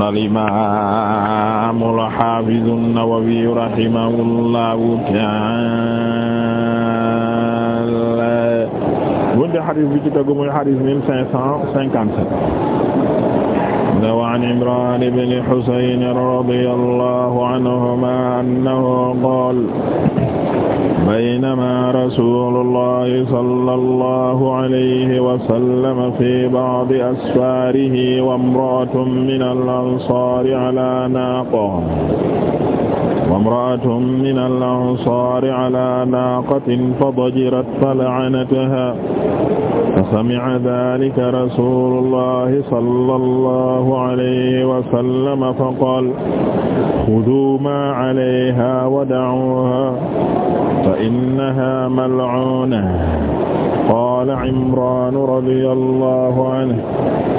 kon al-imaam al-haafiz an-Nawawi rahimahullahu ta'aala wonde hadis bi ci tegu muy hadis mille cinq cent cinquante-sept an Imraan ibn Husayn radiyallahu anhumaa annahu qaala baynama rasulullahi sallallahu alayhi wa sallam fi ba'di asfaarihi wa imra'atun minal ansaari ala naaqatin wa imra'atun minal ansaari ala naaqatin fadajirat فلعنتها فسمع ذلك رسول الله صلى الله عليه وسلم فقال خذوا ما عليها ودعوها فإنها ملعونة قال عمران رضي الله عنه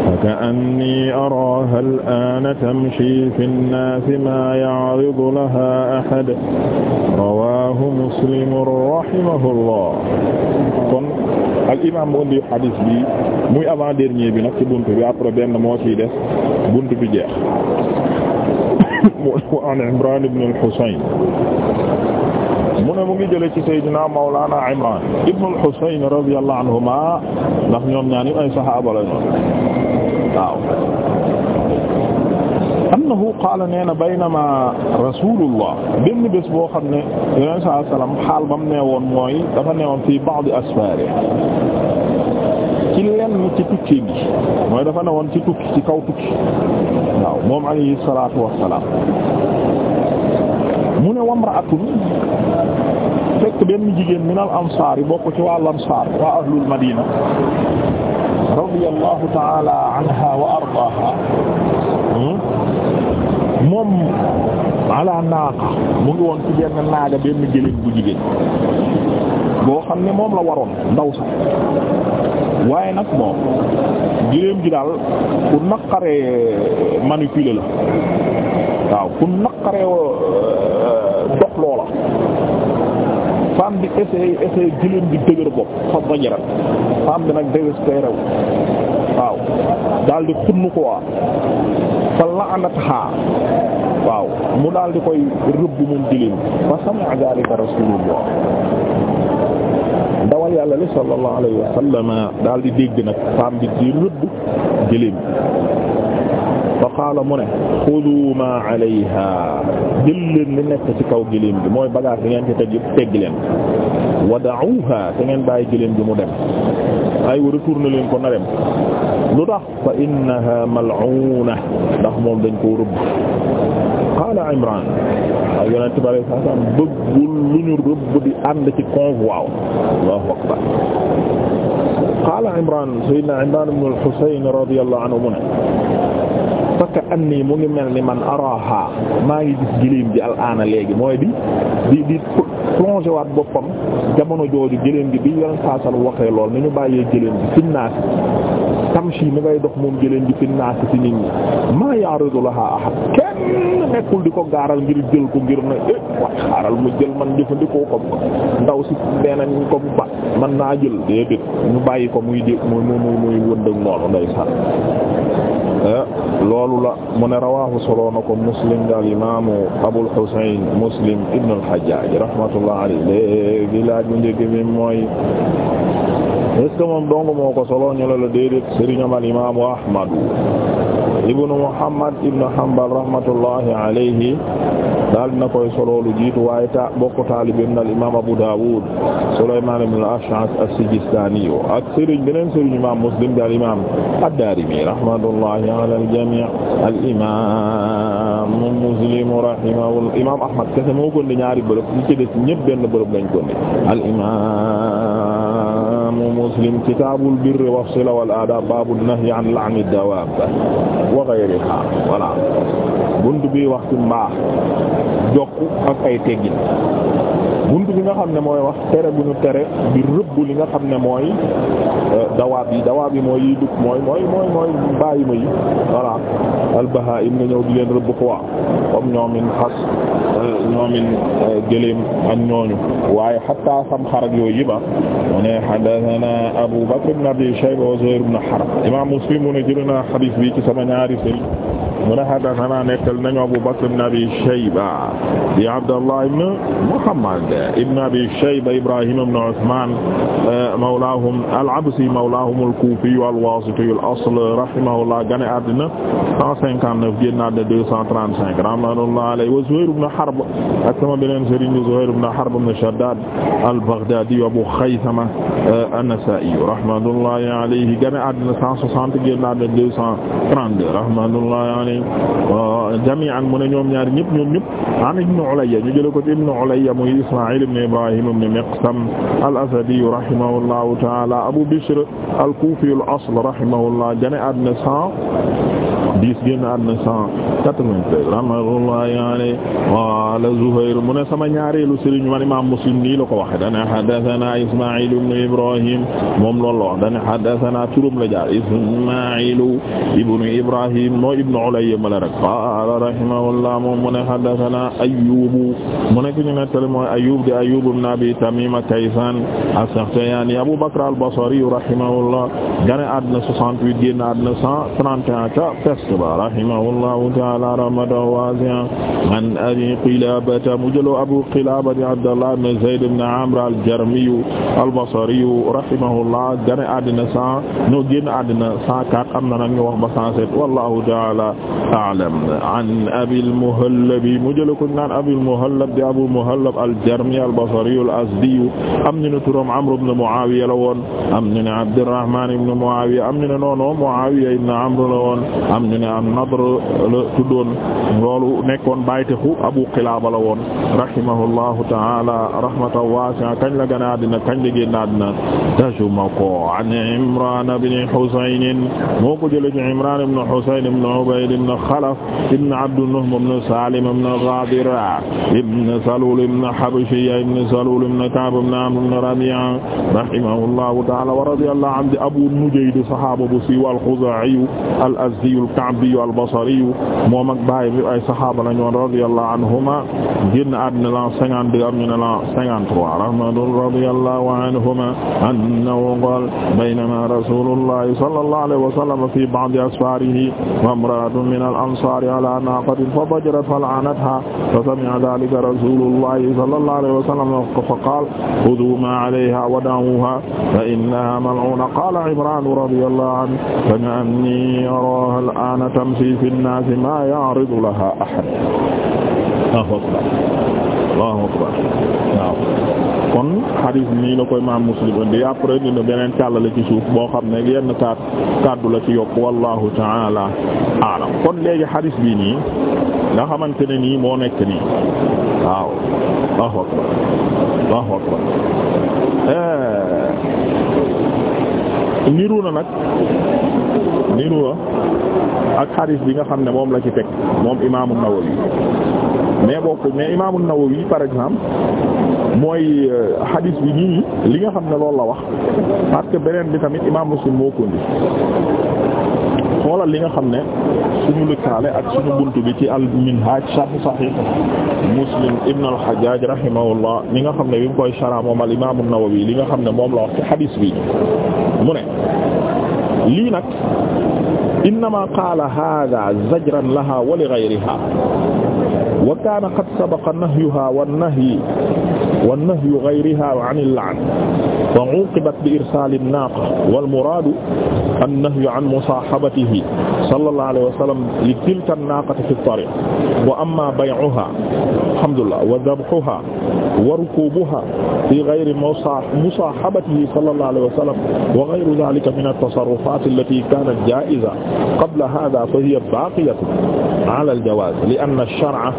فكأني أراها الآن تمشي في الناس ما يعرض لها أحد رواه مسلم رحمه الله kon al imam mu indi hadis bi muy avant dernier bi nag ci buntu bi après benn moo ciy des buntu bi jeex wa an Imran ibn al-Husayn mu ne mu ngi jëlee ci Seydina Mawlana Imran ibn al-Husayn radiyallahu anhuma ndax ñoom ñaani ay saxaaba la ñoon waaw annahu qaala nee na baynama rasulullah benn bés boo xam ne yeneen saa salaam xaal ba mu nee woon mooy dafa nee woon fii ba'd asfaari ci lenn ci tukki bi mooy dafa nee woon ci tukki ci kaw tukki waaw moom alayhi salaatu wassalaam mu ne wamra'atun fekk benn jigéen min al ansaar yi bokk ci wàll ansaar waa ahlul madina radiyallahu ta'ala anha wa ardaaha hmm? moom ala naaqa mu ngi woon ci benn naaga benn gëléem bu jigéen boo xam ne moom la waroon ndaw sax waaye nag moom gëléem gi daal ku naqaree manipuler la waaw ku naqaree euh, dox loola femme bi essayé essayé gëléem gi dëgër bopp fa bajarat femme bi nag désespéré waaw daal di xunn fa la'anatha waaw mu daal di koy rëbb moom giléem fa sami'a dhalika rasulullah dawal yàlla li sallallahu alayhi wa di dégg nag femme di rëbb giléem fa qaala mu ne xudu ma alayha jël leen li nekk ci kaw giléem bi mooy bagage bi ngeen ci teg teggi leen wada'uha te ngeen bàyyi giléem bi mu dem ay wa retourné leen ko na dem lu tax fa innaha mal'una ndax moom dañ koo rëbb qaala Imran waaw yonent bi alayhi salaam bëggul lu ñu rëbb di ànd ci convoi Allahu akbar qaala Imran sayyidina Imran ibn al-Husayn radiyallahu anhu mu ne fa ka'anni mu ngi mel ni man araha maa ngi gis giléem ji al aana léegi mooy di di di plongé waat boppam jamono jooju gëléem gi bi yoon saasal waxee lool ni ñu bàyyee gëléem gi finnaas tamshi mu ngay dox moom gëléem gi finnaas ci nit ñi maa ya'rudu laha ahad kenn nekkul di ko gaaral ngir jël ko ngir na eh wax xaaral mu jël man jëfandikoo ko ndaw si beneen ko ba man naa jël déedéet ñu bàyyi ko muy dé muy muy wëndëg noonu nday sar Eh, loolu la mu ne rawahu solo na ko muslim daal imaamu Abul Husayn Muslim ibn al-Hajjaj rahmatullah alayhi léegi laaj bu njëkk bi mooy est-ce moom dong moo ko solo ñu la la déedéet sëriñam al imaamu Ahmad ibnu Muhammad ibnu Hanbal rahmatullahi alayhi daal na koy soloolu jiitu waaye ta bokk taalibin al imaam Abu Dawud Sulaymaan ibn al-Ash'ath as-Sijistaani ak sëriñ beneen sëriñ imaam Muslim daal imaam ad-Daarimi rahmatullahi ala al-jamii' al imaam Muslim rahimahullah imaam Ahmad kese moo gën di ñaari bërëb li ci des ñëpp benn bërëb lañ gën al imaam imaamu Muslim kitaabul birri was-sila wal aadaab baabu nahyi an la'ni dawaab wa ghayrihaa voilà bunt bi wax ci mbaax jokk ak ay teggin bunt li nga xam ne mooy wax tere bu tere di rëbb li nga xam ne mooy euh, dawaab yi dawaab yi mooy yiy dugg mooy mooy mooy mooy bàyyi ma yi voilà albahaim nga ñëw di leen rëbb quoi comme ñoomin xas euh, ñoomin euh, gëléem ak ñooñu xatta sam xarak yooyu yëba ah, mu ne hadathana Abu Bakr ibn Abi Shayba wa Zuhayr ibn Harb imam Muslim mu ne jëlëna hadith bi ci sama ñaari sëriñ mu ne haddasanaa nekkal nañu Abu Bakr ibn Abi Shayba di Abdallah ibn Muhammad ibn Abi Shayba Ibrahim ibn Uthman eh, mawlaahum al-Absi mawlaahum al-Kufi al-Wasiti al-asl rahimahullah gane àddina 159 génn àddina 235 rahmatullahi alayhi wa Zuhayr ibn Harb ak sama beneen sëriñ Zuhayr ibn Harb ibn Shaddad al-Baghdadi Abu Khaythama eh, an-Nasa'i rahmatullahi alayhi gane àddina 160 génn àddina 232 nañ euh, jami'an mu ne ñoom ñaar ñëpp ñoom ñëpp an ibn Ulayya ñu jële ko ci ibn Ulayya muy Isma'il ibn Ibrahim ibn Miqsam al-Asadi rahimahullahu ta'ala Abu Bishr al-Kufi al-asl rahimahullah gane àddina dix génn àdduna cent quatre-vingt-treize rahmatullahi alayhi qala Zuhayr mu ne sama ñaareelu sëriñ man imam Muslim nii la ko waxe dana haddathana Isma'il ibn Ibrahim moom loolu la wax dana haddathana turum la jaar Isma'il ibn Ibrahim moo ibn Ulayya mala rek qala rahimahullah moom mu ne haddathana Ayyub mu ne ki ñu nettali mooy Ayyub di Ayyub ibn Abi Tamima Kaysan as-Sakhtiyani Abu Bakr al-Basri rahimahullah gane àdduna soixante-huit génn àdduna cent trente et un Qutba rahimahullahu ta'ala rahmatan wasi'a an Abi Qilabata mu jëloo Abu Qilaba di Abdallah ibn Zayd ibn Amr al-Jarmi al-Basri rahimahullah gane àddina cent ñoo génn àddina cent quatre am na nag ñu wax ba cent sept wallahu ta'ala a'lam an Abi al-Muhallab mu jëloo ko naan Abi al-Muhallab di Abu Muhallab al-Jarmi al-Basri al-Azdi am ñu ne turam Amr ibn Muawiya la woon am ñu ne Abdurrahman ibn Muawiya am ñu ne noonu Muawiya ibn Amr la woon ne an-Nadr la tuddoon loolu nekkoon baytexu Abu Qilaaba la woon rahimahullahu ta'ala rahmatan waasi'a kañ la gane àddina kañ la génn àddina tajuma ko an Imraan ibn Husayn moo ko jëlee ci Imraan ibn Husayn ibn Ubayd ibn Khalaf ibn Abd Nuhm ibn Salim ibn Ghadira ibn Salul ibn Habashiyya ibn Salul ibn Ka'b ibn Amr ibn Rabi'a rahimahullahu ta'ala wa radiyallahu anhu Abu Nujayd sahaaba bu siiw al-Khuzaa'i al-Azdi Sha'biyu al-Basriyu moom ak baay bi ay saxaaba la ñoon radiyallahu anhuma génn àddina la 52 am ñu ne la 53 rahmatullahi radiyallahu anhuma annahu qaala baynama rasuulullahi sallallahu alayhi wa sallam fi ba'di asfaarihi wa imra'atun min al-ansaari ala naaqatin fadajjarat fala'anatha fa sami'a dhaalika rasuulullahi sallallahu alayhi wa sallam fa qaala khudhuu maa 'alayhaa wa da'uuhaa fa innahaa mal'uuna qaala Imraan radiyallahu anhu fa ka'annii araahaa maana tamshi fi nnaasi maa ya'ridu laha ahad Allahu akbar Allahu akbar waaw kon xadis nii la koy maam Muslim indi après dina beneen càllale ci suuf boo xam ne yenn kaat kàddu la ci yokk wallahu ta'ala a'lam kon léegi xadis bii nii nga xamante ne nii moo nekk nii waaw Allahu akbar Allahu akbar eh. niru na nag niru la ak xadiis bi nga xam ne moom la ci teg moom imaamu Nawawi mais bokk mais imaamu Nawawi par exemple mooy euh, xadiis bi nii li nga xam ne loolu la wax parce que beneen bi tamit imaam Muslim moo ko indi xoolal li nga xam ne suñu lëkkaale ak suñu bunt bi ci al minhaj sharh sahih muslim ibn al hajjaj rahimahullah li nga xam ne bi mu koy shara moom al imam an-nawawi li nga xam ne moom la wax ci hadis bi mu ne lii nag innama qaala hada zajran laha wa li ghayriha wa kaana qad sabaqa nahyuha wannahyu wannahyu ghayriha an al-la'n fa uqibat bi irsaali an-naaqa wal muraadu annahyu an musaahabatihi sallallahu alayhi wa sallam li tilka an-naaqati fi at-tariiq wa amma bay'uha alhamdulillah wa dabhuha wa rukubuha fi ghayri musahabatihi sallallahu alayhi wa sallam wa ghayru dhalika min at-tasarrufat allati kanat ja'iza qabla hadha fa hiya baqiyatun ala al-jawaz li anna ash-shar'a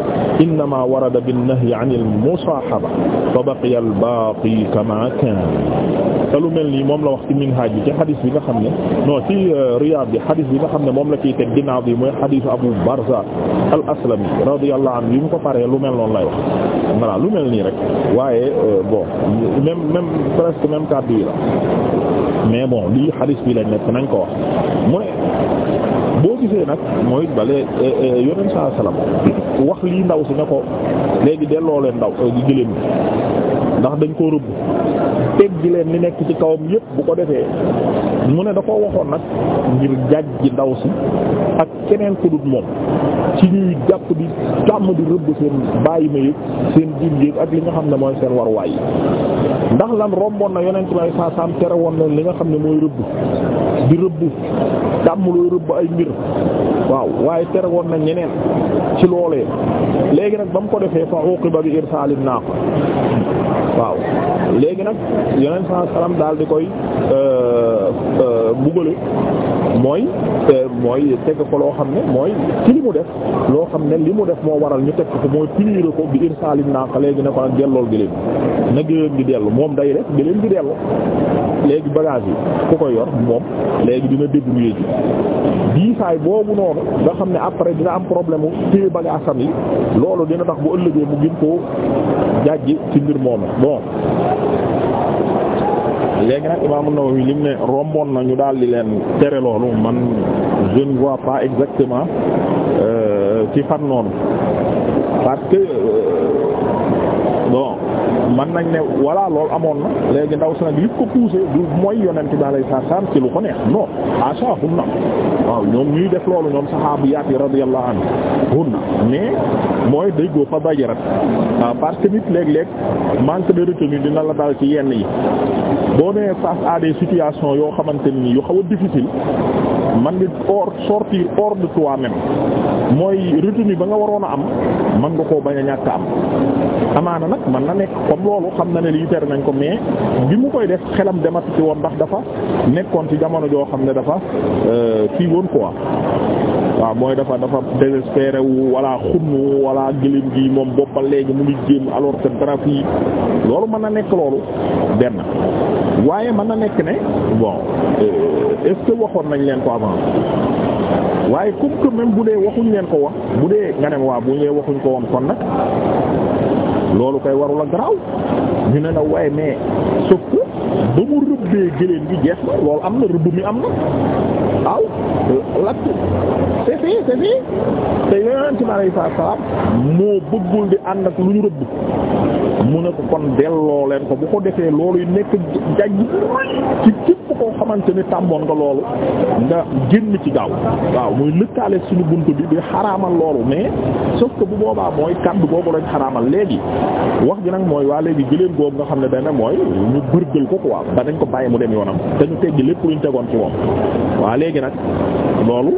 innama warada bin-nahyi 'an al-musahaba fa baqiya al-baqi kama kana te lu mel nii moom la wax ci minhaj bi ci xadis bi nga xam ne non ci euh, riyaad bi xadis bi nga xam ne moom la ciy teg ginnaaw bi mooy xadisu Abu Barza al-Aslami radiyallahu anhu bi mu ko paree lu mel noonu lay wax voilà lu mel nii rek waaye euh, bon même même presque même kàddu yi la mais bon lii xadis bi lañ nekk nañ ko wax mu ne boo gisee nag mooy bale euh, euh, yoneen saa salaam wax lii ndaw si ne ko léegi delloo leen ndaw di gëléem ndax dañ ko rëbb teg gi leen li nekk ci kawam yépp bu ko defee mu ne da koo waxoon nag ngir ji ndaw si ak keneen ku moom ci ñuy jàpp di tàmm di rëbb seen bàyyi ma yëg seen jim yëg ak li nga xam ne mooy seen waruwaay yi ndax lan romboon na yonent may saa saam tere woon na li nga xam ne mooy rëbb di rëbb tàmm looy rëbb ay mbir waaw waaye tere woon na ñeneen ci loolee léegi nag ba mu ko defee fa uqiba bi naa ko waaw léegi nag yeneen saa salaam daal di koy euh, euh, bugale mooy mooy teg ko loo xam ne mooy ci li mu def loo xam ne li mu def moo waral ñu teg ko mooy punir ko bi irsalim naaq léegi ne ko nag dellool gëléem na gëléem di dellu moom day def gëléem gi dellu léegi bagage yi ku ko yor moom léegi dina débrouiller ji diisaay boobu noonu nga xam ne après dina am problème téye bagage am yi loolu dina tax bu ëllëgee mu gën koo jàjji ci mbir moom bon léegi nag Imaam An-Nawawi lim ne romboon na ñu daal di leen tere loolu man je ne vois pas exactement euh, ci fan noonu parce que euh, bon. man nañ ne voilà loolu amoon na léegi ndaw si nag li ko poussé du mooy yonent bi alayhi salaam ci lu ko neex non aca hunna waaw ñoom ñuy def loolu ñoom saxaabiyaat yi radiyallahu anhu hunna mais mooy déggoo fa bajarat waaw ah, parce que nit léeg-léeg manque de retenue dina la daal ci yenn yi boo nee face à des situations yoo xamante ni yu xaw a difficile man ngi hors sortir hors de toi-même mooy retenue ba nga waroon a am man nga koo bañ a ñàkk am amaana na nekk comme loolu xam na ne lii tere nañ ko mais bi mu koy def xelam dematu ci woon ndax dafa nekkoon ci jamono joo xam ne dafa euh, kii woon quoi waaw mooy dafa dafa désespéré wu wala xunnu wala gëlim gi moom bopp léegi mu ngi jéem alors que dara fii loolu mën na nekk loolu benn waaye mën na nekk ne bon euh, est-ce que waxoon nañ leen ko avant waaye comme que même bu dee waxuñu leen ko wax bu dee nga ne waa bu ñëwee waxuñ ko woon kon nag loolu koy warul a garaaw ñu ne la waaye mais sauf que ba mu rëbbee gëléem gi jeex na loolu am na rëbb mi am na waaw lakk c'est fait c'est fait te yonent bi alayhi salaam moo bëggul di ànd lu ñu rëbb mu ne ko kon delloo leen ko bu ko defee loolu nekk jajj ci képp koo xamante ni tàmmoon nga loolu nga génn ci gaaw waaw muy lëkkaale suñu bunt bi di xaraamal loolu mais sauf ko bu boobaa mooy kàddu googu lañ xaraamal léegi wax ji nag mooy waa léegi gëléem googu nga xam ne dañ ne mooy ñu bërgël ko ko waa ba dañ ko bàyyi mu dem yoonam te ñu teggi lépp luñ tegoon ci moom waa léegi nag loolu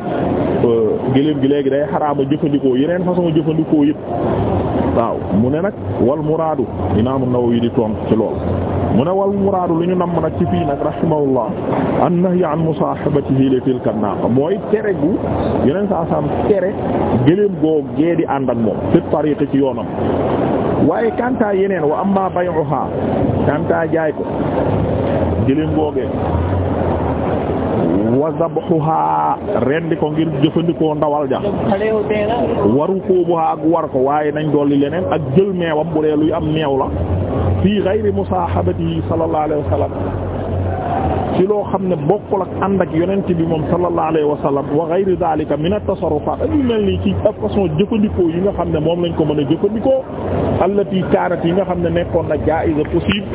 euh, gëléem gi léegi day xaraama jëfandikoo yeneen façon jëfandikoo yëpp waaw mu ne nag wal muraadu imaam an-Nawawi di toon ci lool mu ne wal muraadu lu ñu nam nag ci fii nag rahimahullah an-nahyi an musaahibatihi li tilka an-naaqa mooy tere gu yeneen saa saam tere gëléem goo gee di ànd moom fi tariqi ci yoonam waaye kantaa yeneen wa amma bay'uha kantaa jaay ko gëléem googee wa zabhuha rendi ko ngir jëfandikoo ndawal ja waru koobuha ak war ko waaye nañ dolli leneen ak jël meewam bu dee luy am meew la fii ghayri musaahabati sallallahu alayhi wa sallam ci loo xam ne bokkul ak ànd ak yeneen yonent bi moom sallallahu alayhi wa sallam wa ghayri dhalika min at-tasarrufat ak yu mel nii ci façon jëfandikoo yi nga xam ne moom lañ ko mën a jëfandikoo allati kaanat yi nga xam ne nekkoon na jaa'iza possible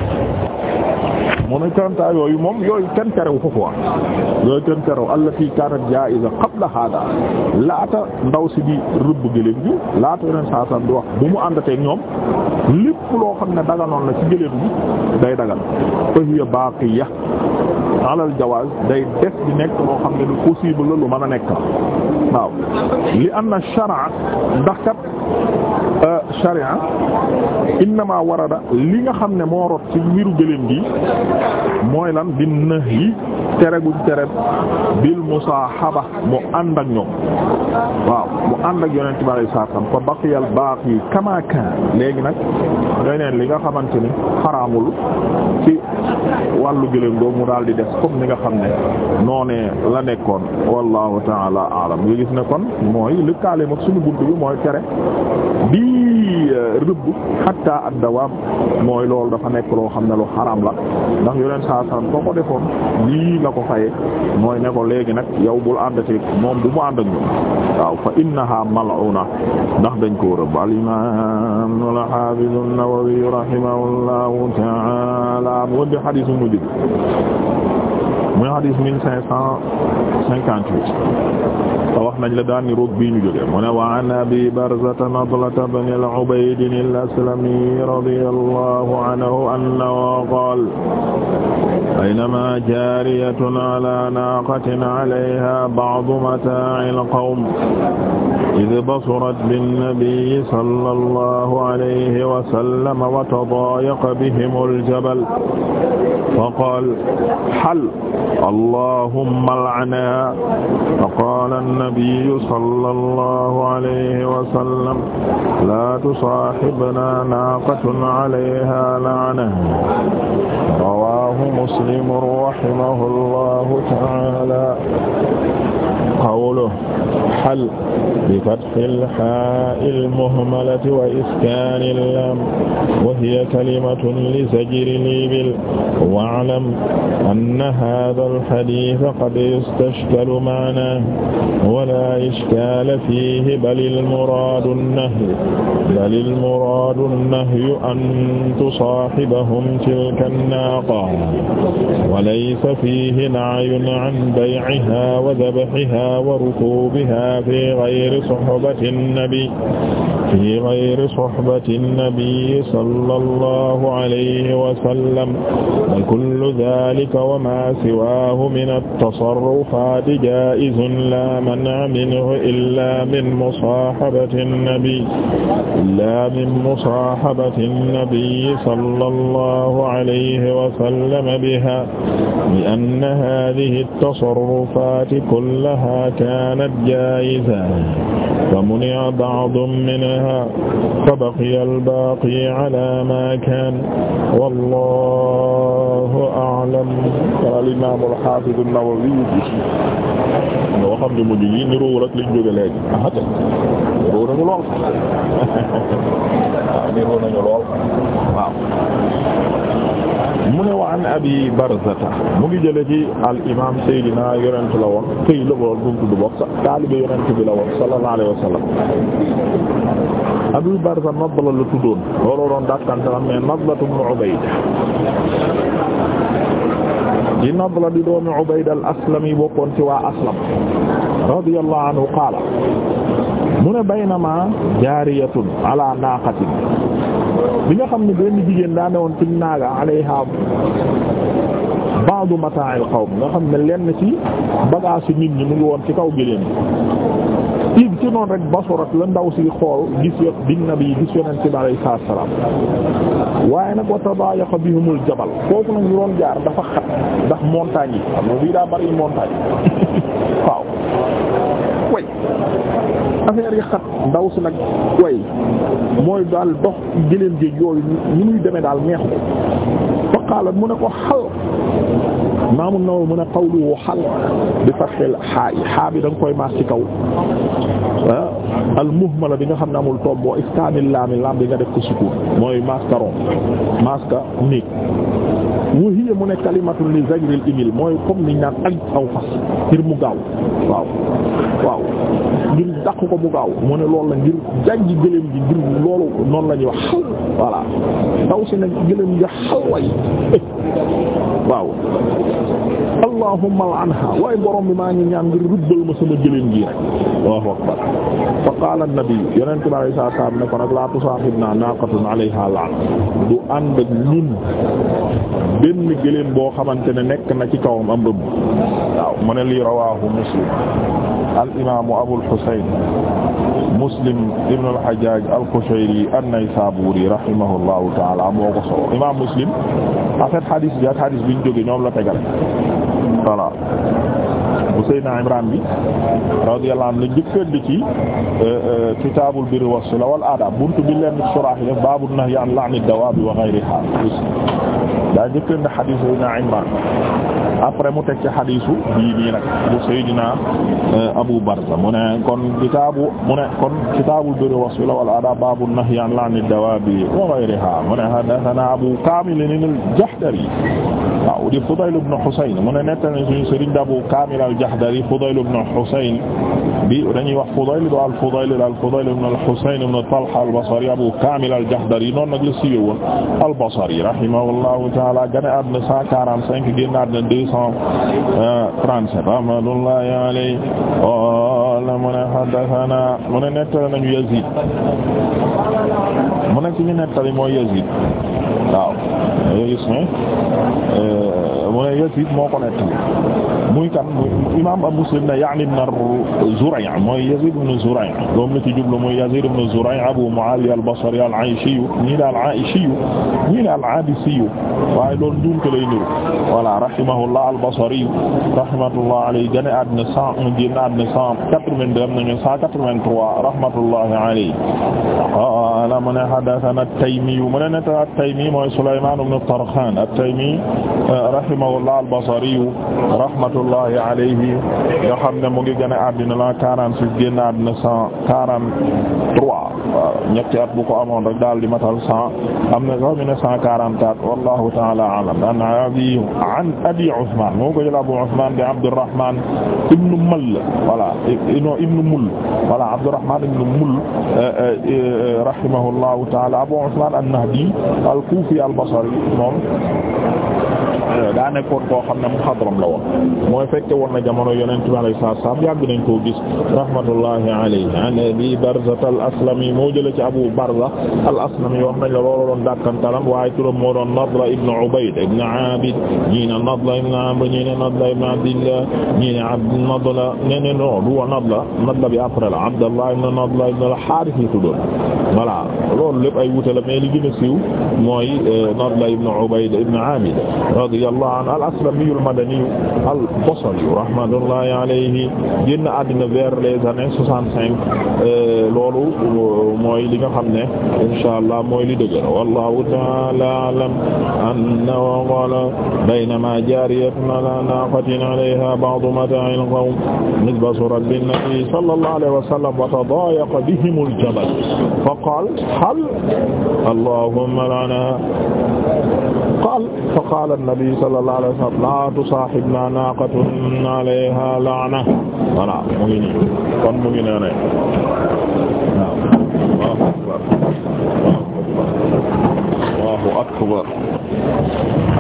mu ne kanta yooyu moom yooyu kenn terew ko quoi yooyu kenn terew allati kaanat jaa'iza qabla hada laata ndaw si di rëbb gëléem gi laata yeneen saa saa di wax bu mu àndateeg ñoom lépp loo xam ne daganoon na ci gëléem gi alal jawaaz day des di nekk loo xam ne lu possible la lu mën a nekk waaw li anna sharaa ndax kat euh, sharia innama warada li nga xam ne moo rot ci mbiru gëléem gi mooy lan bi nëx yi tere gu tere bil musaahaba mu ànd ak ñoom waaw mu ànd ak yonent bi alayhi salaam fa baqiyal baaqi kamaa kaana léegi nag ñooy neen li nga xamante ni xaraamul ci wàllu gëléem googu mu daal di des comme ni nga xam ne noonee la nekkoon wallahu taala alam nga gis ne kon mooy lëkkaale mag suñu bunt bi mooy tere bi rëbb xatta ad dawaam mooy loolu dafa nekk loo xam ne lu xaraam la ndax yoneen saa salam koo ko defoon lii la ko fayee mooy ne ko léegi nag yow bul àndateeg moom bu mu ànd ak ñun waaw fa innaha mal'una ndax dañ koo rëbb al imam al hafiz an-Nawawi rahimahullahu ta'ala mu wënde xadiisu mujj muy hadis mille cinq cent cinquante-huit te wax nañ la daan ni roog bii ñu jógee mu ne wa an abi barzata nadlata bni al-ubayd al-aslami radiyallahu anhu annahu qaal baynama jariyatun ala naqatin alayha ba'du mataa'i al-qawm id basurat bin-nabiyyi sallallahu alayhi wa sallam wa tadayaqa bihim al-jabal fa qaal hal allahumma al'anha faqaala annabiyyu sallallahu alayhi wa sallam laa tusaahibnaa naaqatun alayhaa la'na rawaahu muslim rahimahu allahu ta'aala qawluhu hal bi fathil haa'il muhmalati wa iskaanil laam wa hiya kalimatun li zajril ibil wa'lam anna haadhal hadiitha qad yustashkalu ma'naahu wa laa ishkaala fiihi balil muraadu nnahyu balil muraadu nnahyu an tusaahibahum tilka nnaaqa wa laysa fiihi na'yun an bay'ihaa wa dhabhihaa wa rukuubihaa ta'ala fi ghayri suhbati nabi fi ghayri suhbati nabi sallallahu alayhi wa sallam wa kullu dhalika wa ma siwahu min at-tasarrufati jaa'izun la man'a minhu illa min musahabati nabi illa min musahabati nabi sallallahu alayhi wa sallam biha li anna hadhihi at-tasarrufati kullaha kanat jaa'izatan الأيسان فمنع بعض منها فبقي الباقي على ما كان والله أعلم قال الإمام الحافظ النووي loo xam ne mujj yi niroowul ak liñ jóge léegi ahate niroo ah, nañu lool waaw niroo nañu lool waaw mu ne wa an abi barzata mu ngi jële ci al imam Seydina yonent la woon këy la woon bu mu tudd bokk taalibe yonent bi la woon sallallahu alayhi wa sallam abi barza nadla la tuddoon looloo doon dakkantaram mais nadlatu ibn Ubayd di nadla di doomi Ubayd al aslami bokkoon ci waa aslam radiyallahu anhu qaala mu ne baynama jaariyatun ala naaqatin bi nga xam ne benn jigéen daa newoon ci naaga alayha ba'du mata'il qawm nga xam ne lenn ci bagage nit ñi mu ngi woon ci kaw géléen bi ib ci noonu rek basurat la ndaw si xool gis yo bin nabi gis yonent bi alayhi salaam waaye nag wa tadaayaqa bihumul jabal foofu nag ñu jaar dafa xat ndax montagne yi xam nga daa bari montagne waaw way affaire yi xat ndaw si nag way mooy daal dox gëléem géej yooyu ni muy demee daal neexu ko faqaala mu ne ko xal Imam an mu ne qawluhu xal bi fathil xaa xaa bi da koy maas ci kaw ah al-muhmala bi nga xam ne amul tomb wa iskaanil laam bi nga def ko sukun mooy maskaron maska néeg wa hiya mu ne kalimatun li zajril ibil mooy comme niñ naan aj aw fas ngir mu gaaw waaw waaw ngir dàq ko mu gaaw mu ne lool la ngir jàngi gëléem gi ngir loolu noonu la ñuy wax xaw voilà daw si nag gëléem gi xaw way waaw allahumma al'anha waaye borom bi maa ngi ñaan ngir rubbal ma sama jëleen gi rek Allahu akbar fa qaala an-nabi yonente bi alayhi salaatu salaam ne ko nag laa tusaahibnaa naaqatun alayhaa la'na du ànd ak ñun benn gëléem boo xamante ne nekk na ci kawam am rëbb waaw mu ne lii rawaahu muslim al imaamu abul husayn muslim ibn al hajjaaj al qushayri an-naysaabuuri rahimahullahu ta'aala moo ko solo imaam muslim en fait hadith bi ak hadith bi leen jóge ñoom la tegal voilà bu Seydina Imran bi radiyallahu anhu la njëkkandi ci euh, euh, kitaabul birri was sila wal adab buntu bi leen surah yi def baabu nahyi an la'ni dawabi wa ghayriha daa jëkk na xadiis Seydina Imraan après mu teg ci xadiisu bii nii nag bu Seydina euh, Abu Barza mu ne kon kitaabu mu ne kon kitaabul birri wasl wal adab baabu nahyi an la'ni dawaabi wa ghayrihaa mu ne haddathanaa Abu Kaamil al-Jahdari waaw di Fudayl ibn Husayn mu ne nettal na suñu sëriñ Abu Kaamil al-Jahdari Fudayl ibn Husayn bi dañuy wax Fudayl do al-Fudayl al-Fudayl ibn al-Husayn ibn Talha al-Basri Abu Kaamil al-Jahdari noonu nag la siiwe woon al-Basri rahimahullahu taala gane àdduna cent quarante cinq génn àdduna deux cent euh, trente-sept rahmatullahi alayhi qala mu ne haddathana mu ne nettali nañu Yazid mu ne ci ñu nettali mooy Yazid waaw gis ne euh, mu ne Yazid moo ko nettali muy kan muy imaam Abu Muslim ne yaani ibn Zuray' mooy Yazid ibn Zuray' doom la ci jublu mooy Yazid ibn Zuray' Abu Muawiya al-Basri al-Aishi ñii daal Aishi ñii daal Abisi waaye loolu njuumte lay niru voilà rahimahullah al-Basri rahmatullah alayhi génn àddina 101 génn àddina 182 am nañu 183 rahmatullahi alayhi qaala mu ne haddathana at-Taymi mu ne neta at-Taymi mooy Sulaymaan ibn Tarkhaan at-Taymi rahimahullah al-Basri rahmatullahi alayhi nga xam ne mu ngi gën a àddina la quarante six génn àddina cent quarante trois waaw ñetti at bu ko amoon rek daal di matal cent am na sax ñu ne cent quarante quatre wallahu taala alam an abi an abi Usman moo ko jël Abu Usman di Abdurrahman ibnu Mull voilà non ibnu Mull voilà Abdurrahman ibnu Mull eh, eh, eh, rahimahullahu taala Abu Usman an-Nahdi al-Kufi al-Basri moom Euh, daa nekkoon koo xam ne mu xadram la woon mooy fekke woon na jamono yonent bi alayhi salaatu salaam yàgg nañ koo gis rahmatullahi alayhi an abi barzata al aslami moo jële ci abu barza al aslami wax nañ la loolu doon dàkkantalam waaye turam moo doon nadla ibnu ubayd ibnu abid ñii ne nadla ibnu amr ñii ne nadla ibnu abdillah ñii ne abd nadla ne ne non du wa nadla nadla bi après la abdallah ibnu nadla ibnu al haaris la tuddoon voilà loolu lépp ay wute la mais li gën a siiw mooy euh, nadla ibnu ubayd ibnu abid radiyallahu anhu al-Aslami al-Madani al-Basri rahmatullahi alayhi génn àddina vers les années soixante-cinq euh, loolu mooy li nga xam ne inshallah mooy li dëgër wallahu ta'ala a'lam annahu qala baynama jariyatun ala naqatin alayha ba'du mata'il qawm misbasura bin-nabi sallallahu alayhi wa sallam wa tadayaqa bihim al-jabal fa qala hal allahumma lana qaal fa qaala an-nabi sallallahu alayhi wa sallam laa tusaahibnaa naaqatun alayhaa la'na voilà mu ngi nii kon mu ngi nee ne waaw Allahu akbar Allahu akbar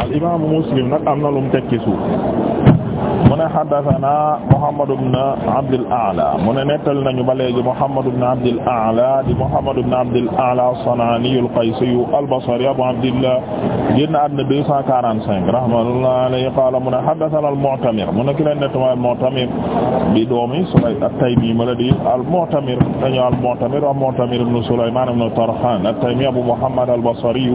al imaamu Muslim nag am na lu mu tekki suuf mu ne haddathana Muhammad ibn Abd al-A'la mu ne nettali nañu ba léegi Muhammad ibn Abd al-A'la di Muhammad ibn Abd al-A'la as-San'ani al-Qaysi al-Basri Abu Abdillah génn àddina 245 rahmatullahi alayhi qaala mu ne haddathana al-Mu'tamir mu ne ki leen nettali al-Mu'tamir di doomi Sulayh at-Taymi ma la di al-Mu'tamir dañu al-Mu'tamir al-Mu'tamir ibn Sulayman ibn Tarkhan at-Taymi Abu Muhammad al-Basri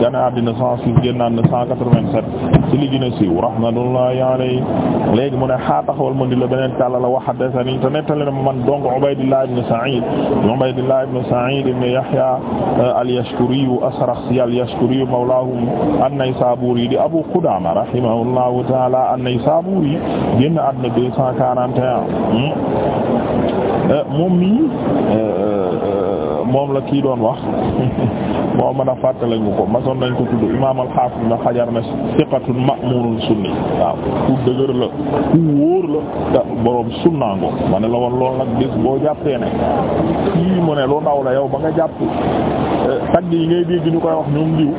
génn àddina 106 génn àddina 187 ci li gën a siiw rahmatullahi alayhi léegi mu ne xaa taxawal ma di la beneen tàlla la wa haddathani te nettali na man donc Ubaydillah ibn Sa'id Ubaydillah ibn Sa'id ibn Yahya eh, al-Yashkuri as-Sarakhsi al-Yashkuri mawlahum an-Naysaburi di Abu Qudama rahimahullahu ta'ala an-Naysaburi génn àdduna 241 hmm? eh, moom mi eh, moom la kii doon wax moo mën a fàttale ñu ko masoon nañ ko tudd imaam al-Hafiz na xajar na siqatun ma'munun sunni waaw ku dëgër la ku wóor la te boroom sunnaango ma ne la woon lool nag bis boo jàppee ne kii mu ne lu ndaw la yow ba nga jàpp eh, tagg yi ngay dégg ñu koy wax ñoom diw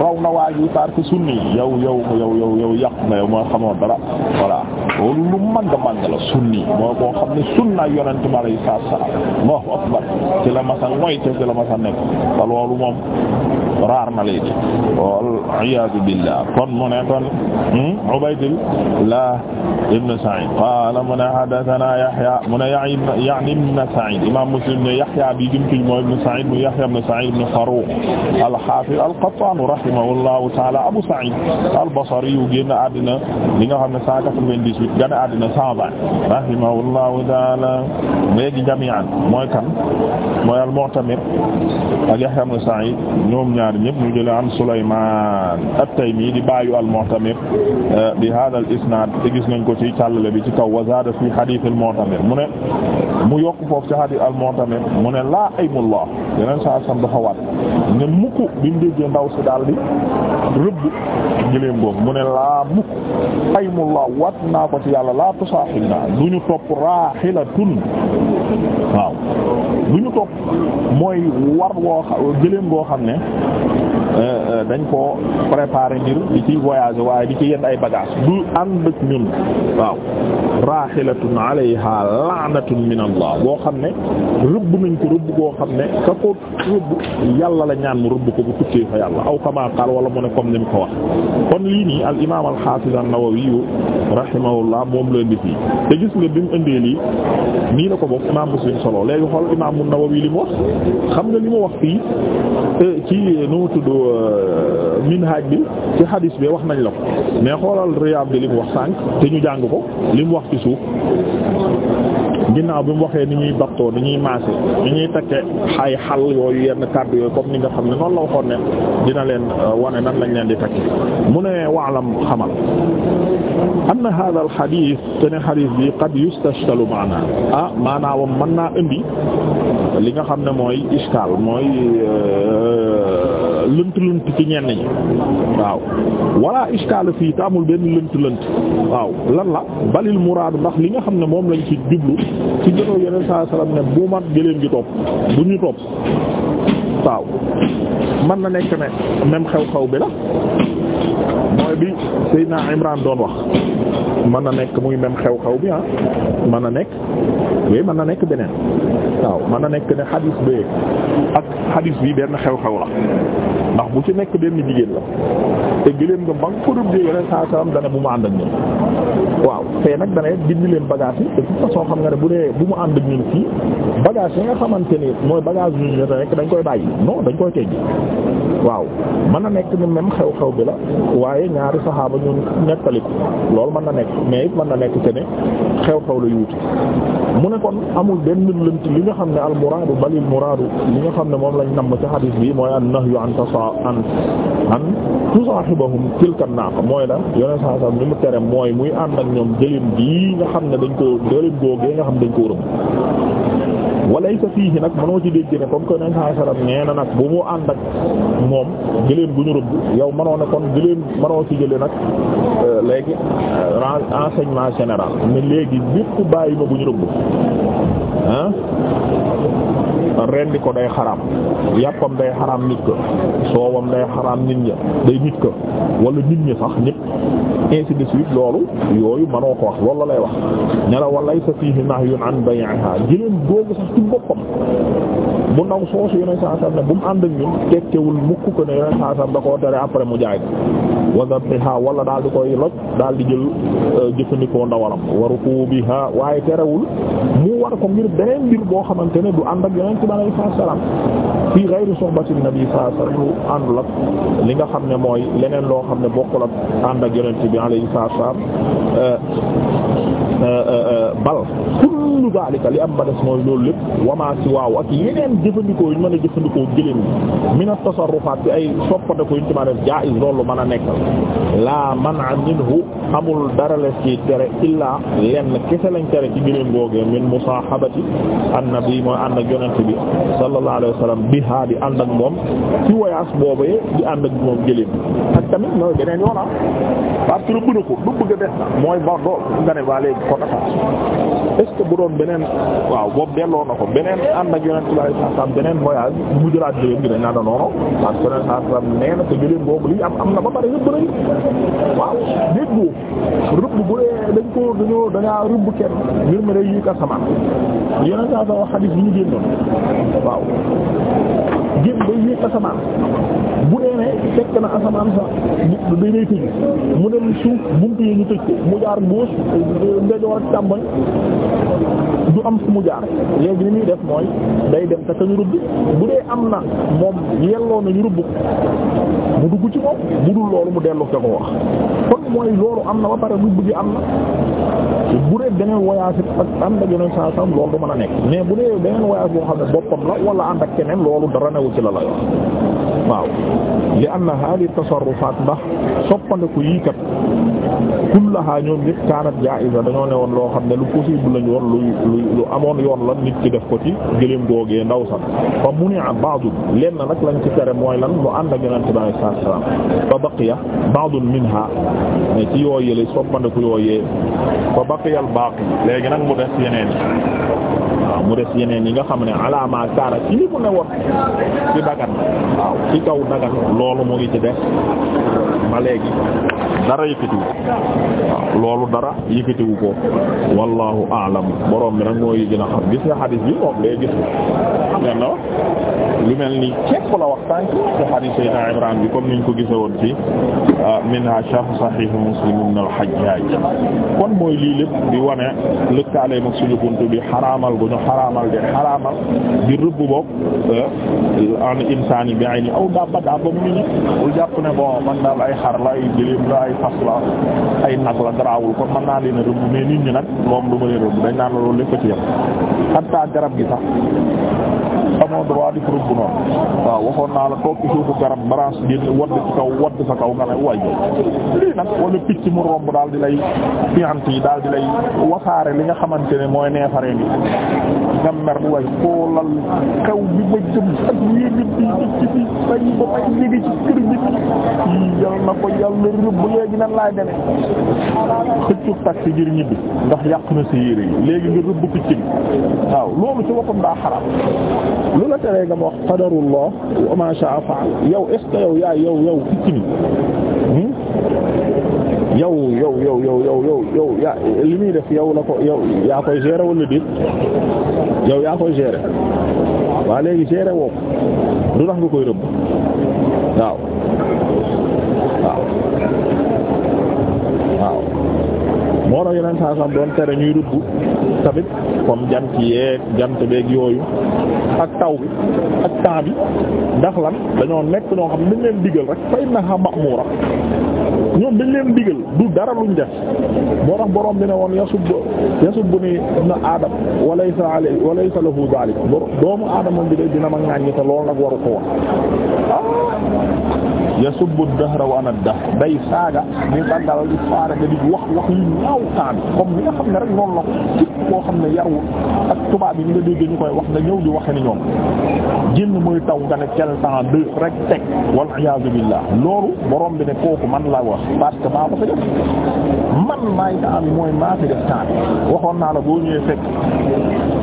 raw na waa ji parce que sunni yow yow yow yow yow yàq na yow moo xamoo dara voilà loolu lu màgg màgg la sunni moo koo xam ne sunna yonente bi alayhi salaatu wa salaam Allahu tey kese la ma sa nekk te loolu moom raar na léegi wal iyaadu billah kon mu ne kon hmm, Ubaydillah ibn Sa'id qaala mu ne haddathana Yahya mu ne ya'ni ibn Sa'id imam Muslim ne Yahya bi jumtu mooy ibn Sa'id mu Yahya ibn Sa'id ibn Farrukh al-Hafiz al-Qattan rahimahullahu ta'ala Abu Sa'id al-Basri yu génn àddina li nga xam ne 198 génn àddina 120 rahimahullahu ta'ala léegi jami'an mooy kan mooy al-Mu'tamid Aamir ak Yahya ibn Sa'id ñoom ñaar ñëpp ñu jëlee an Sulaymaan at-Taymi di baayu al-Mu'tamir euh, bi haadha al-isnaad te gis nañ ko ci càllale bi ci kaw wa zaada fi hadiith al-Mu'tamir mu ne mu yokk foofu ci hadiith al-Mu'tamir mu ne laa aymullah yeneen saa sam dafa waat ne mukk bi mu déggee ndaw si daal di rëbb gëléem boobu mu ne laa mukk aymullah waat naa ko ci yàlla laa tusaaxil naa duñu topp raaxilatun waaw duñu topp mooy war woo gëléem goo xam ne euh, euh, dañ koo préparer ngir di ci voyager waaye di ci yenn ay bagages du ànd ak ñun waaw rahilatun alayha la'natun min allah boo xam ne rëbb nañ ko rëbb goo xam ne ka ko rëbb yàlla la ñaan mu rëbb ko bu tukkee fa yàlla aw kama qaal wala mu ne comme ni mu ko wax kon lii nii al imam al hafiz an-nawawi rahimahullah moom la indi fii te gis nga bi mu indee lii nii la ko bokk imam muslim solo léegi xool imam nawawi li mu xam nga li mu wax fii euh, ci euh, nu mu tudd euh, minhaj bi ci hadis bi wax nañ la ko mais xoolal Riyaad bi li mu wax sànq te ñu jàng ko li mu wax ci suuf ginnaaw bi mu waxee ni ñuy baptoo ni ñuy maase ni ñuy takke xay xal yooyu yenn kàddu yooyu comme ni nga xam ne noonu la waxoon ne dina leen wane nan lañ leen di takke mu ne waalam xamal anna hadha al hadith te ne hadith bi qad yustashkalu maana ah maanaawam mën naa indi li nga xam ne mooy iskaal mooy euh, lënt lënt ci ñenn ñi waaw walla iskaal fii te benn lënt lënt waaw lan la balil muraadu ndax li nga xam ne moom lañ ci jublu ci jotoo yeneen saa salaam ne bu gëléem gi topp bu ñu topp waaw mën na nekk ne même xew xew bi la mooy bi Seydina Imran doon wax man na nekk muy même xew-xew bi ah mën na nekk oui mën na nekk beneen waaw man na nekk ne xadis bee ak xadis bi benn xew-xew la ndax bu ci nekk benn jigéen la te gëléem nga ba nga ko doon jëlee saa salaam bu mu ànd ak waaw fee nag dana dindi leen bagage yi de toute ne bu dee bu mu ànd ak ñun yi nga xamante ni mooy bagage yu ñu dañ koy bàyyi non dañ koy teggi waaw mën na nekk ni xew-xew bi la waaye ñaari saxaaba ñun nettali loolu mën na nekk. mais it mën na nekk te xew-xew la yuuti mu nekkoon amul benn lënt li nga xam ne al muraadu balil muraadu li nga xam ne moom lañ namm ci xadiis bi mooy an nahyu an tasa an an tusaahibahum tilka naaqa mooy la yoneen saa sam li mu tere mooy muy ànd ñoom jëlin bii nga xam ne dañ ko jëlin googee nga xam ne dañ ko rëm walaysa fiihi nag mënoo ci dégg ne comme que nañ saa salam nee na nag bu mu ànd ak moom gëléem bu ñu rëbb yow mënoo ne kon gëléem mënoo ci jëlee nag euh, léegi euh, enseignement général ne léegi bépp bàyyi ma bu ñu rëbb ah rendi ko day xaraam yàppam day xaraam nit ko soowam day xaraam nit ña day nit ko wala nit ñi sax ñépp ainsi de suite loolu yooyu mënoo ko wax loolu la lay wax ne la walaysa fiihi nahyun an bay'iha jëleen googu sax ci boppam bu ndaw soosu yeneen saa saam ne bu mu ànd ak ñun tekkewul mukk ko ne yeneen saa saam da koo tere après mu jaay ko wa dabhiha wala daal di koy loj daal di jël euh, jëfandikoo ndawalam waru ko biha waaye terewul mu war ko ngir beneen mbir boo xamante ne du ànd ak yeneen ci banay fii ghayri sohbati nabi saa salaam lu li nga xam ne mooy leneen loo xam ne bokkul ak ànd ak yeneen ci bi euh, euh, bal kullu daalika li am ba des mooy loolu lépp wamaa si waaw ak yeneen jëfandikoo yu ñu mën a jëfandikoo gëléem yi min at-tasarrufaat bi ay soppandeko yu ñu ci mën a def jaa'iz loolu mën a nekk la man'a minhu amul dara la ci tere illa lenn kese lañ tere ci gëléem googee min musahabati annabi mooy ànd ak bi sallallahu alayhi wa sallam biha di ànd ak moom ci voyage moom gëléem ak tamit mooy beneen yoona ah, parce ko lu bëgg a des na mooy waaw boobu delloo na ko beneen ànd ak yonent bi alayhi bu jëlaat gëléem gi dañ naa da noono parce que yonent li am am na ba pare yëpp bëri waaw rëbb bu dee dañ koo dañoo dangaa rëbb kenn mbir ma day yéeg asamaan yeneen saa sama xadiis yi ñu génnoon waaw jéem ba yéeg asamaan bu dee ne fekk na asamaan sax day day tëj mu dem suuf buntu yi ñu tëj ko mu jaar gauche ndejoor ak càmmoñ du am fu mu jaar léegi ni muy def mooy day dem te ñu rubb bu dee am na moom yelloo na ñu rubb mu dugg ci moom bu dul loolu mu dellu ko ko wax kon mooy loolu am na ba pare rubb gi am na bu dee beneen voyage ak ànd a boo xam ne boppam la wala ànd ak keneen loolu dara ne boobu ci la la waaw li anna hadi tasarrufaat ndax soppandiku yii kat kullaha ñoom ñëpp kaanat jaa'iza dañoo ne woon loo xam ne lu possible lañu woon lu lu amoon yoon la nit ki def ko ci gëléem googee ndaw sax fa muni'a ba'du lenn nag lañ ci tere mooy lan mu ànd ak yonent bi alayhi salaatu salaam fa baqiya ba'dun minha mais ci yoo yële soppandiku yoo fa baqiya al léegi nag mu des yeneen waaw mu des yeneen yi nga xam ne alama kaara ci li mu a woon ci dagan waaw ci kaw dagan loolu mu ngi ci def ma léegi dara yëkkatiwu waaw loolu dara yëkkatiwu ko wallahu aalam borom bi nag mooy gën a xam gis nga xadis bi moom lay gis len na lu mel ni képp la wax tànk ci xadis Seydina Imraan bi comme niñ ko gise woon ci ah, minha sharh Sahih Muslim ibn al-Hajjaj kon mooy lii lépp di wane lëkkaale mag suñu buntu bi xaraamal guñu xaraamal de xaraamal di rëbb boog eh, an bi ay ni aw dabba dabba mu ngi bul jàpp ne bon man daal ay xar la ay jëléem la ay fas la ay nag la garaawul kon man naa leen a rëbb mais nit ñi nag moom du ma leen rëbb dañ naan loolu lépp ci yam xatta garab gi sax amoo droit di furut bu noonu waaw waxoon naa la toog ci suufu garab branche génn wadd ci kaw wadd sa kaw nga ne waay lii nag mu daal di lay fiant daal di lay wasaare li nga xamante ne mooy neefare bi nga mer way xoolal kaw bi ci deme xëccu taksi ngir ñibbi ndax yàq na sa yére yi léegi nga rëbb picc bi waaw loolu ci boppam daa xaraam lu la teree nga ma wax qadarullah wa ma sha'a fa'al yow est ce que yow yaay yow yow picc mi hmm? yow yow yow yow yow yow yow yaa li muy def yow la ko yow yaa koy gérer wala déet yow yaa koy gérer moo tax yeneen saa sam doon tere ñuy rëbb tamit comme jant yeeg jant beeg yooyu ak taw bi ak temps bi ndax lan dañoo nekk ñoo xam ne dañ leen digal rek fay naxa ma'mura ñoom dañ leen digal du dara luñ def moo tax borom bi ne woon yasub yasub ni na aadam walaysa alay walaysa lahu dalik doomu aadama bi day dina ma ŋàññi te lool nag waru ko yasubbu dahra wa ana dahr day saaga di sàggal di faaraka di wax wax yu ñaaw temps bi comme ni nga xam ne rek noonu la képp koo xam ne yarul ak tubaab yi ñu nga dégg ñu koy wax nga ñëw di waxe ni ñoom génn muy taw nga ne quel temps de rek teg wal iyaazu billah loolu borom bi ne kooku man la wax parce que maa ko fa def man maay temps bi mooy maa def temps waxoon naa la boo ñëwee fekk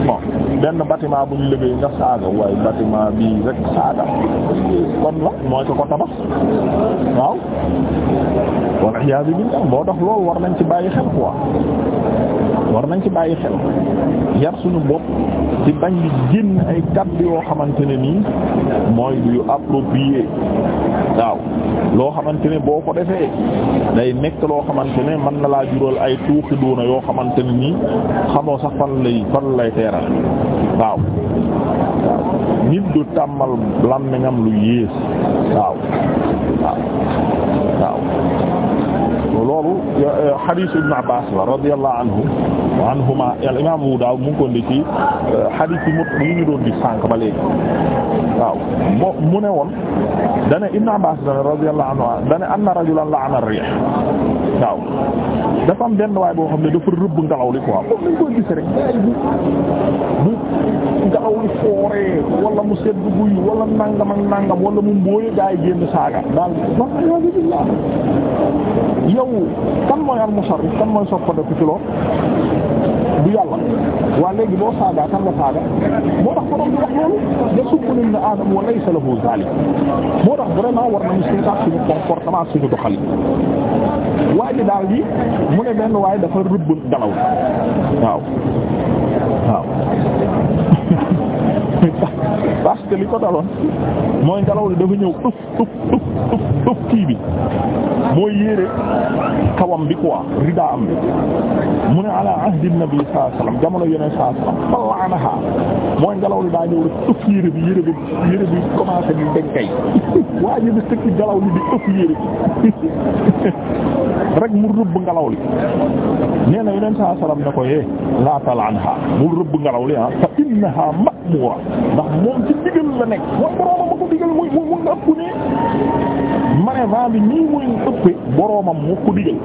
bâtiment benn bâtiment bu ñu liggéey nga saaga waaye bâtiment bii rek saaga kon la mooy ko ko tabax waaw walla iyaazu billaah moo tax loolu war nañ ci bàyyi xel quoi war nañ ci bàyyi xel yar suñu bopp ci bañ di génn ay kàddu yoo xamante ne nii mooy du yu approprié waaw loo xamante ne boo ko defee day nekk loo xamante ne mën na laa jural ay tuuxi duuna yoo xamante ne nii xamoo sax fan lay fan lay teeral waaw waaw nit du tàmmal làmmiñam lu yées waaw waaw waaw loolu xadiisu Ibn Abbaas la radiyallahu anhu anhuma al imam Abu Dawud mu ngi ko indi ci euh, hadith yi mot yi waaw mu ne woon dane Ibn Abbas dane radiyallahu anhu waaw dafa am benn waay boo xam ne dafa rëbb ngelaw li bu ngelaw fooree wala mu sedd guy wala nangam ak nangam wala mu mbooye gaa génn saaga daal kan mooy al kan mooy soppandeku ci lool yàlla waa léegi boo saagaa kan la saaga moo tax borom bi wax loolu yasubbu ibna aadama wa laysa lahu zaalik moo tax vraiment war nañu seetaat suñu comportement suñu doxalin waa ji daal di mu ne benn waaye dafa rëbb dalaw waaw waaw parce que li ko daloon mooy ngelaw li dafa ñëw ëpp ëpp ëpp ëpp ëpp kii bi mooy yére kawam bi quoi rida am bi mu ne ala ahdi nabi sallallahu yeneen sallallahu alayhi wasallam falaanaha mooy ngelaw li daa ñëw rek yére bi yére bi yére bi commencé di denkay waa yëbi sëkki ngelaw li di ëpp yére rek mu rëbb ngelaw li nee na yeneen saa salaam ne ko laa tal anha mu rëbb ngelaw li ah fa innaha ma'mura ndax moom ci digal la nekk mooy boroomam ma ko digal muy muy ëpp nii ma ne bi nii muy ëppe boroomam moo ko digal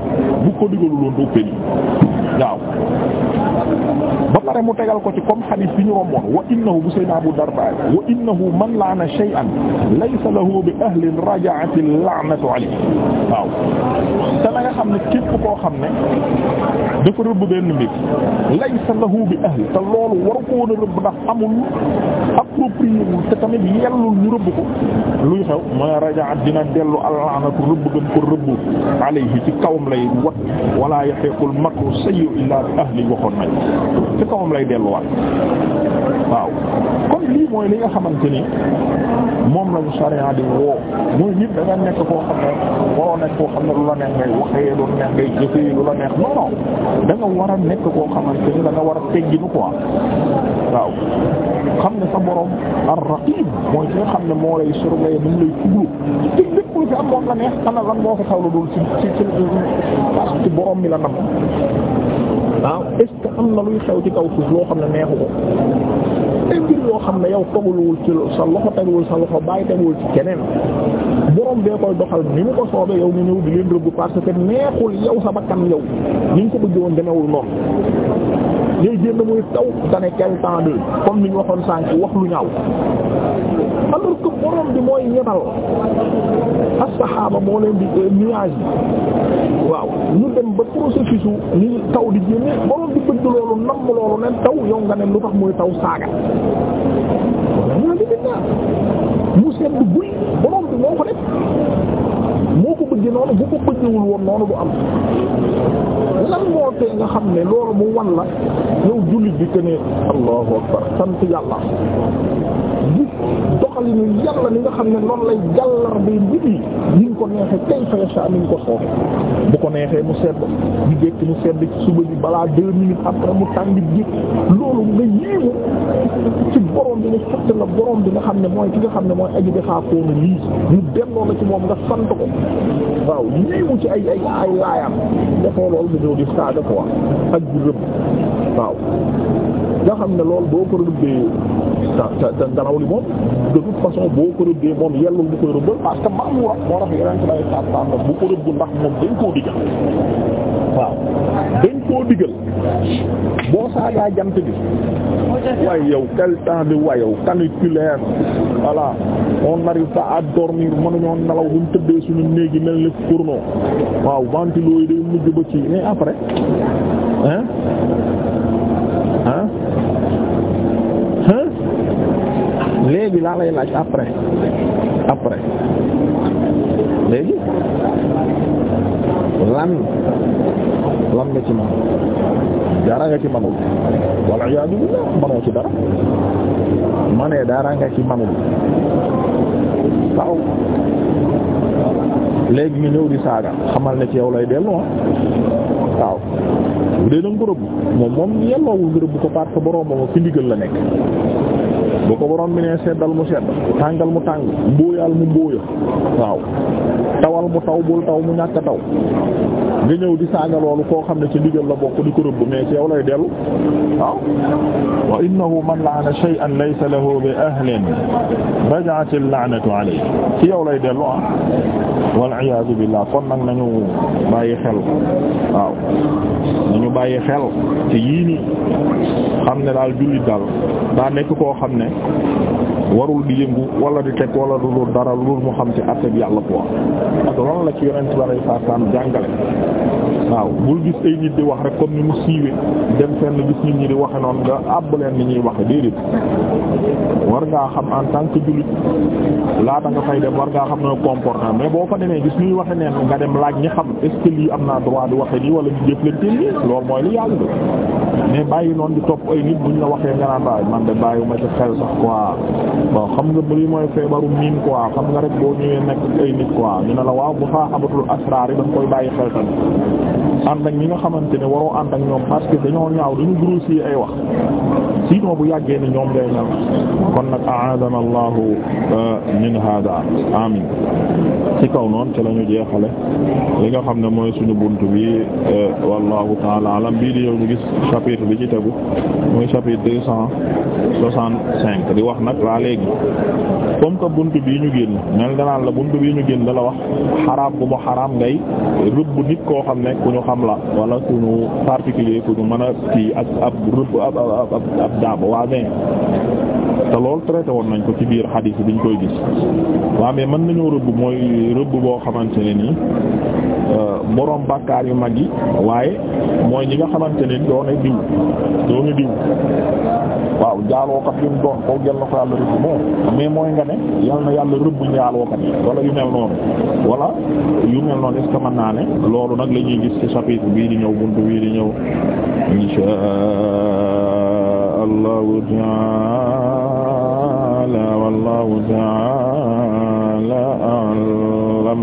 bu ko digalu loon du ëppe nii waaw pare mu tegal ko ci comme hadith bi ñu romboon wa innahu bu sayna Abu Darda wa innahu man la'ana shay'an laysa lahu bi ahli raja'ati la'natu alayhi waaw te na nga xam ne képp koo xam ne dafa rëbb benn mbir laysa lahu bi ahli te loolu waru ko woon a rëbb ndax amul approprié wul te tamit yellul ñu rëbb ko luy xew ma raja'at dina dellu al-la'natu rëbb gën ko rëbb alayhi ci kawam lay wat wala yahiqul makru sayyi'u illa bi ahli waxoon nañ moom lay delluwaat waaw kon lii mooy li nga xamante ni moom lañu ñu a di woo mooy nit da nekk koo xam ne waroo nekk koo xam ne lu la neex ngay waxee la neex ngay jëfee war a nekk koo xamante ni da war a tegginu quoi waaw xam ne sa borom ar mooy ki xam ne moo lay surveiller mu lay tudd ci lépp lu fi am moom la neex xanaa lan moo fi xaw la dul ci ci ci borom mi la nam waaw ah, est-ce am na luy xew ci kaw suuf loo xam ne neexu ko ay mbir yoo xam ne yow teguwul ci sa loxo teguwul sa loxo bàyyi teguwul ci keneen borom bee koy doxal ni mu ko soobee yow mi ñëw di leen rëbb parce que neexul yow sa bakkan yow ni nga ko bëgg woon demewul noonu day génn muy taw dane quel temps de comme ni ñu waxoon sànq wax lu ñaaw alors que borom bi mooy yebal as-saxaaba moo leen di euh, nuage bi waaw ñu dem ba processus u ni taw di génne borom bi bëgg loolu namm loolu nen taw yow nga ne lu tax muy taw saaga mu seen du buy bi moo ko bëgg bu am lan moo tee nga xam ne loolu mu wan la yow jullit bi que ne allahu akbar sant doxali ñu xam ne noonu lay jàllar bay mbir yi ni nga ko neexee kay fa yasha ni ko soob bu ko neexee mu sedd di dékk mu sedd ci suba bi balaa deux minutes après mu tàngit ji loolu nga yéemu ci borom bi nga la borom bi nga xam ne mooy ki nga xam ne mooy aji defaa koonu lii ñu delloo la ci moom nga sant ko waaw yéemu ci ay ay ay laayam defoo loolu nga ñëw di saaga quoi ak di waaw nga xam ne lool boo ko rëbbee ta ta ngelaw li moom de toute façon boo ko rëbbee moom yellul bu koy rëbbal parce que maam wu moo tax yeneen ci lay sàttaan la bu ko rëbbu ndax moom dañ koo digal waaw dañ koo digal boo saagaa jant bi waaye yow quel temps bi wayow caniculaire voilà on n'arrive pas à dormir mënuñoo nelaw bu ñu tëddee suñu néegi mel ni fourneau waaw ventilo yi day mujj ba ci mais après hein délai laa lay laaj après après léegi lan lan nga ci man dara nga ci manul walla iyaadu billah manoo ci dara ma ne nga ci manul waaw léegi nga ñëw di saaga xamal ne ci yow lay dellu ah. waaw bu dee da nga ko moom moom yelloowul nga rëbb ko parce que boroom moom fi ndigal la nekk bu ko borom bi ne seddal mu sedd tàngal mu tàng mbóoyaal mu mbóoya waaw tawal mu taw bul taw mu ñàkk taw nga ñëw di saaga loolu koo xam ne ci ndigal la bokk di ko rëbb mais ci yow lay dellu waaw wa innahu man la'ana shay'an laysa lahu bi ahlin raja'at al-la'natu alayhi ci yow lay dellu ah wal iyaazu billah kon nag nañu bàyyi xel waaw nañu bàyyi xel ci yii xam ne daal jullit daal daa nekk koo xam ne warul di yëngu wala di teg wala du dara lu mu xam ci àtte bi yàlla quoi daanaka loolu la ci yonent bi sa salaam jàngale waaw bul gis ay nit di wax rek comme ni mu siiwee dem fenn gis nit ñi di waxe noonu nga àbb leen ni ñuy waxe déedéet war ngaa xam en tant que jullit laata nga fay dem war ngaa xam ne comportement mais boo fa demee gis ñuy waxe neen nga dem laaj ñi xam est ce lii am naa droit di waxe nii wala ñu jëflante nii loolu mooy li yàlla mais bàyyi noonu di topp ay nit buñ la waxee nga naan baay man de bàyyiwuma ci xel nga lii mooy feebaru miin quoi waaw bu saaxabatul asraar yi dañ koy bàyyi xel tamit ànd ak ñi nga xamante ne waroo ànd ak ñoom parce que dañoo ñaaw dañu grossir ay wax sinon bu yàggee ni ñoom day mel kon nag aadana allahu euh, min hada amin ci kaw noon ci la ñu jeexale li nga xam ne mooy suñu bunt bi euh, wallahu taala alam bii di yow ñu gis chapitre bi ci tegu mooy chapitre deux cent soixante-cinq di wax nag waa léegi comme que bunt bii ñu génn mel danaan la bunt bii ñu génn dala wax xaraam bu mu xaraam ngay rëbb nit koo xam ne ku ñu xam la wala ku ñu particulier ku ñu mën a kii ak ab rëbb ab ab ab waa mais te loolu traité woon nañ ko ci biir xadiis biñ koy gis waa mais mën nañoo rëbb mooy rëbb boo xamante ne nii Euh, borom bàkkaar yu mag yi waaye mooy ñi nga xamante ne doone diw doone diw waaw jaalookat yu mu doon ko jël na ko yàlla rëbb moom mais mooy nga ne yal yàlla rëbb njaalookat yi wala yu mel noonu wala yu mel noonu est-ce que mën naa ne loolu nag lañuy ñuy gis ci chapitre bii di ñëw buntu bii di ñëw insha allahu taala wallahu taala alam